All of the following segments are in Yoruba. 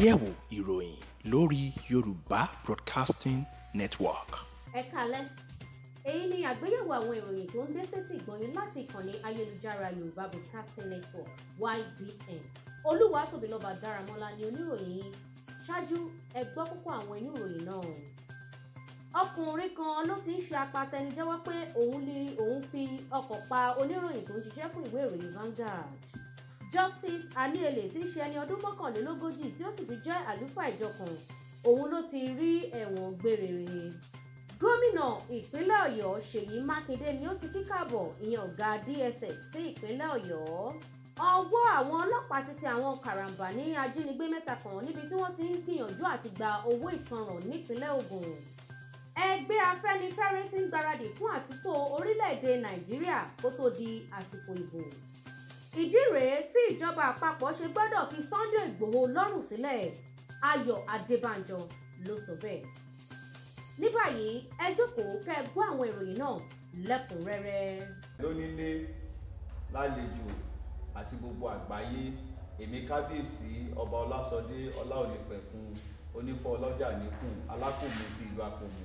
àgbéyẹ̀wò ìròyìn lórí Yorùbá Broadcasting Network. ẹ kalẹ́ èyí ni àgbéyẹ̀wò àwọn ìròyìn tó ń dé sétí ìgbọ̀nyín láti ìkànnì ayélujára Yorùbá Broadcasting Network YBN Olúwatóbilọ́ba Dáramọ́lá ni oníròyìn yìí ṣáájú ẹ gbọ́ púpọ̀ àwọn inú ìròyìn náà ọkùnrin kan ló ti ń ṣe apatẹnijẹ́wọ́ pé òun ni òun fi ọkọ̀ pa oníròyìn tó ń ṣiṣẹ́ fún ìwé ìròyìn Vanguard Justice Aniele tí í ṣe ẹni ọdún mọ́kànlélógójì tí ó sì ti jẹ́ àlùfáà ìjọ kan òun ló ti rí ẹ̀wọ̀n gbére he gómìnà ìpínlẹ̀ Ọ̀yọ́ Ṣèyí Mákindé ni ó ti kí káàbọ̀ ìyẹn ọ̀gá DSS sí ìpínlẹ̀ Ọ̀yọ́ ọwọ́ àwọn ọlọ́pàá ti tẹ àwọn kàràǹbà ní ajínigbé mẹ́ta kan níbi tí wọ́n ti ń gbìyànjú àti gba owó ìtanràn nípínlẹ̀ Ògùn ẹgbẹ́ Afẹ́nifẹ́re ti ń gbaradì fún àtúntò orílẹ̀-èdè Nàìjíríà kó tó di àsìkò ìbò ìdí rèé tí ìjọba àpapọ̀ ṣe gbọ́dọ̀ fi Sunday Ìgbòho lọ́rùn sílẹ̀ Ayọ̀ Adébánjọ ló sọ bẹ́ẹ̀ ní báyìí ẹ jókòó kẹ́ ẹ gbọ́ àwọn ìròyìn náà lẹ́kùnrẹ́rẹ́. lónílé lálejò àti gbogbo àgbáyé èmi kábíyèsí ọba ọlásọdé ọláònípẹ̀kun onífọ́ ọlọ́jà níkùn alákòmù ti ìlú àkòmù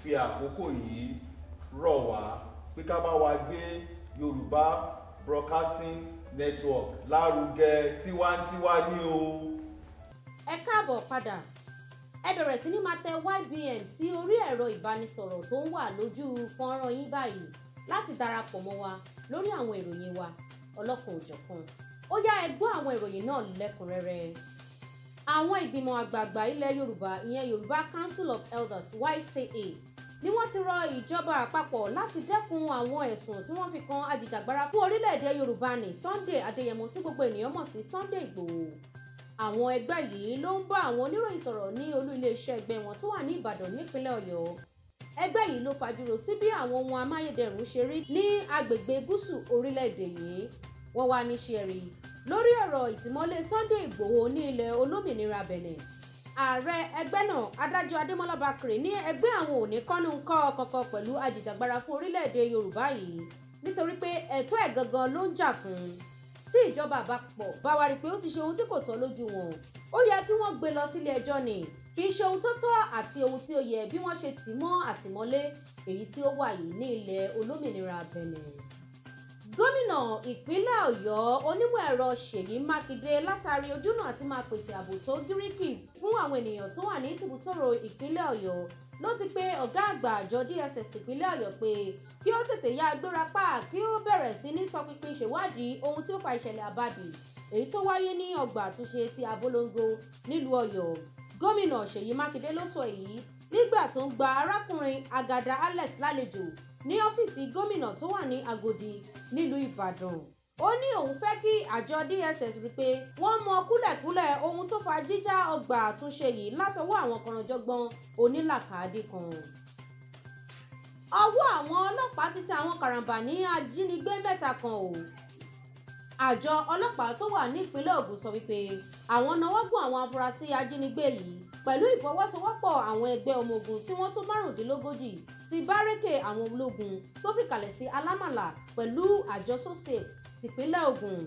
fi àkókò yìí rọ̀ wá pé ká bá wa gbé yorùbá broadcasting network lárugẹ tiwantiwa ní o. ẹ káàbọ̀ padà ẹ bẹ̀rẹ̀ sí ní máa tẹ YBN sí orí ẹ̀rọ ìbánisọ̀rọ̀ tó ń wà lójú fọ́nrán yín báyìí láti darapọ̀ mọ́ wa lórí àwọn ìròyìn wa ọlọ́kan òjọ̀kan ó yá ẹ gbọ́ àwọn ìròyìn náà lẹ́kùnrẹ́rẹ́ àwọn ìgbìmọ̀ àgbààgbà ilẹ̀ Yorùbá ìyẹn Yorùbá Council of Elders YCA ni wọ́n ti rọ ìjọba àpapọ̀ láti dẹ́kun àwọn ẹ̀sùn tí wọ́n fi kan ajìjàgbara fún orílẹ̀-èdè Yorùbá ní Sunday Adéyẹmọ tí gbogbo ènìyàn mọ̀ sí Sunday Ìgbòho àwọn ẹgbẹ́ yìí ló ń bá àwọn oníròyìn sọ̀rọ̀ ní olú iléeṣẹ́ ẹgbẹ́ wọn tó wà ní Ìbàdàn nípínlẹ̀ Ọ̀yọ́ ẹgbẹ́ yìí ló fàjúrò sí bí àwọn ohun amáyédẹrùn ṣe rí ní agbègbè gúúsù orílẹ̀-èdè yìí wọ́n wá ní ṣẹ́rí lórí ọ̀rọ̀ ìtìmọ́lé Sunday Ìgbòho ní ilẹ̀ olómìnira Benin ààrẹ ẹgbẹ́ náà adájọ́ adémọ́lá bakre ní ẹgbẹ́ àwọn ò ní kọ́nu kọ́ kankan pẹ̀lú ajìjàgbara fún orílẹ̀-èdè yorùbá yìí nítorí pé ẹ̀tọ́ ẹ̀ gangan ló ń jà fún un tí ìjọba àpapọ̀ bá wa rí i pé ó ti ṣe ohun tí kò tọ́ lójú wọn ó yẹ kí wọ́n gbé lọ sílé ẹjọ́ ni kì í ṣe ohun tó tọ́ àti ohun tí ó yẹ bí wọ́n ṣe tì mọ́ àtìmọ́lé èyí tí ó wà yìí ní ilẹ̀ olómìnira Benin gómìnà ìpínlẹ̀ ọ̀yọ́ onímọ̀ ẹ̀rọ ṣèyí mákindé látàrí ojúnà àti máa pèsè ààbò tó gíríkì fún àwọn ènìyàn tó wà ní tìbútòrò ìpínlẹ̀ ọ̀yọ́ ló ti pe ọ̀gá àgbà àjọ dss tìpínlẹ̀ ọ̀yọ́ pé kí ó tètè ya agbára pa kí ó bẹ̀rẹ̀ sí ní tọpinpin ṣèwádìí ohun tí ó fa ìṣẹ̀lẹ̀ àbàdì èyí tó wáyé ní ọgbà àtúnṣe ti abolongo nílùú ọ̀yọ́ gómìnà ṣèyí mákindé ló sọ èyí nígbà tó ń gba arákùnrin agada alex lálejò ní ọ́fíìsì gómìnà tó wà ní Agodi nílùú Ìbàdàn ó ní òun fẹ́ kí àjọ DSS rí pé wọ́n mọ kúlẹ̀kúlẹ̀ ohun tó fa jíjá ọgbà àtúnṣe yìí látọwọ́ àwọn kọ̀rọ̀jọ̀gbọ́n onílàkàdé kan ọwọ́ àwọn ọlọ́pàá ti tẹ àwọn karambà ní ajínigbé mẹ́ta kan o àjọ ọlọ́pàá tó wà nípínlẹ̀ Ògùn sọ wípé àwọn náwó gún àwọn afurasí ajínigbé yìí pẹ̀lú ìfọwọ́sowọ́pọ̀ àwọn ẹgbẹ́ ọmọ ogun tí wọ́n tó márùndínlógójì ti bárẹ́kè àwọn ológun tó fìkàlẹ̀ sí alámàlà pẹ̀lú àjọ sosef tìpínlẹ̀ Ògùn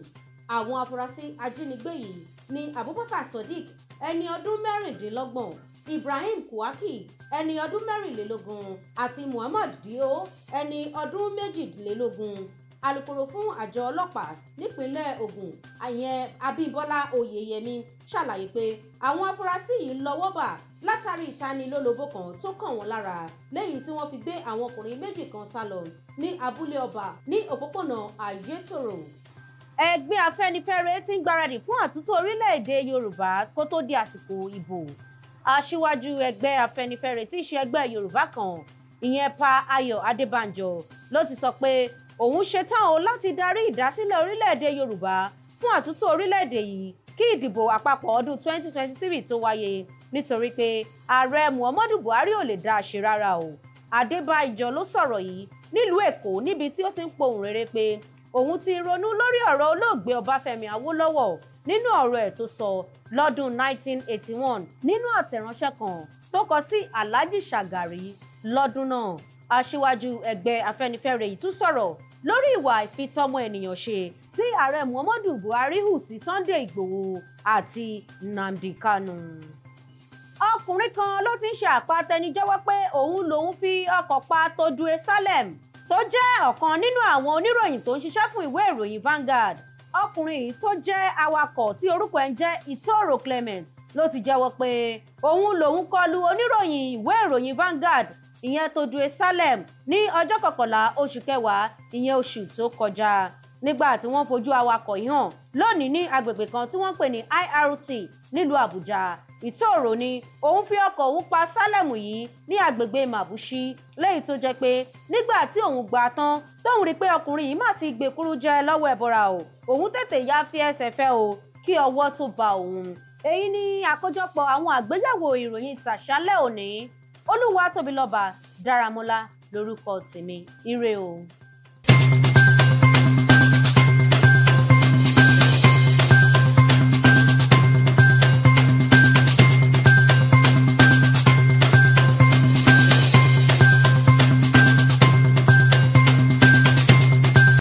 àwọn afurasí ajínigbé yìí ni Abubakar Sodiq ẹni ọdún mẹ́rìndínlọ́gbọ̀n Ibrahim Kouaki ẹni ọdún mẹ́rìnlélógún àti Muhammad Dio ẹni ọdún méjìlélógún alūkkóró fún àjọ ọlọ́pàá nípínlẹ̀ Ògùn àyẹn Abímbọ́lá Oyèyẹmí ṣàlàyé pé àwọn afurasí yìí lọ́wọ́ bà látàrí ìtanilólobó kan tó kàn wọ́n lára lẹ́yìn tí wọ́n fi gbé àwọn ọkùnrin méjì kan sá lọ ní abúlé ọba ní òpópónà Ayétòrò ẹgbẹ́ afẹ́nifẹ́re ti ń gbáradì fún àtúntò orílẹ̀-èdè yorùbá kó tó di àsìkò ìbò aṣíwájú ẹgbẹ́ afẹ́nifẹ́re tí í ṣe ẹgbẹ́ yorùbá kan ìyẹn pa ayọ̀ adébánjọ ló ti sọ pé òun ṣetán o láti darí ìdásílẹ̀ orílẹ̀-èdè Yorùbá fún àtúntò orílẹ̀-èdè yìí kí ìdìbò àpapọ̀ ọdún 2023 tó wáyé nítorí pé ààrẹ Muhammadu Buhari ò lè dá a ṣe rárá o Adébáyọ̀ ló sọ̀rọ̀ yìí nílùú Èkó níbi tí ó ti ń pohùn rere pé òun ti ronú lórí ọ̀rọ̀ olóògbé Ọbáfẹ́mi Awólọ́wọ̀ nínú ọ̀rọ̀ ẹ̀ tó sọ lọ́dún 1981 nínú àtẹ̀ránṣẹ́ kan tó kọ sí Alhaji Shagari lọ́dún náà aṣíwájú ẹgbẹ́ afẹ́nifẹ́re yìí tún sọ̀rọ̀ lórí ìwà ìfitọ́mọ ènìyàn ṣe tí ààrẹ muhammadu buhari hù sí sunday igbòho àti nnamdi kanu ọkùnrin kan ló ti ń ṣe àpatẹnijẹ́wọ́ pé òun lòun fi ọkọ̀ pa Todue Salem tó jẹ́ ọ̀kan nínú àwọn oníròyìn tó ń ṣiṣẹ́ fún ìwé ìròyìn Vanguard ọkùnrin yìí tó jẹ́ awakọ̀ tí orúkọ ẹ̀ ń jẹ́ Itoro Clement ló ti jẹ́wọ́ pé òun lòun kọlu oníròyìn ìwé ìròyìn Vanguard ìyẹn tó due salem ní ọjọ́ kọkànlá oṣù kẹwàá ìyẹn oṣù tó kọjá nígbà tí wọ́n fojú awakọ̀ yìí hàn lónìí ní agbègbè kan tí wọ́n ń pè ní IRT nílùú Àbújá ìtòòrò ni òun fi ọkọ̀ òun pa sálẹ̀mù yìí ní agbègbè Màbúṣí lẹ́yìn tó jẹ́ pé nígbà tí òun gbà tán tóun rí i pé ọkùnrin yìí má ti gbèkúrú jẹ lọ́wọ́ ẹ̀bọra o òun tètè ya fi ẹsẹ̀ fẹ́ o kí ọwọ́ tó ba òun èyí ni àkójọpọ̀ àwọn àgbéyẹ̀wò ìròyìn tàṣálẹ́ òní olúwa tóbi lọ́ba dáramọ́lá lórúkọ tèmi ire o.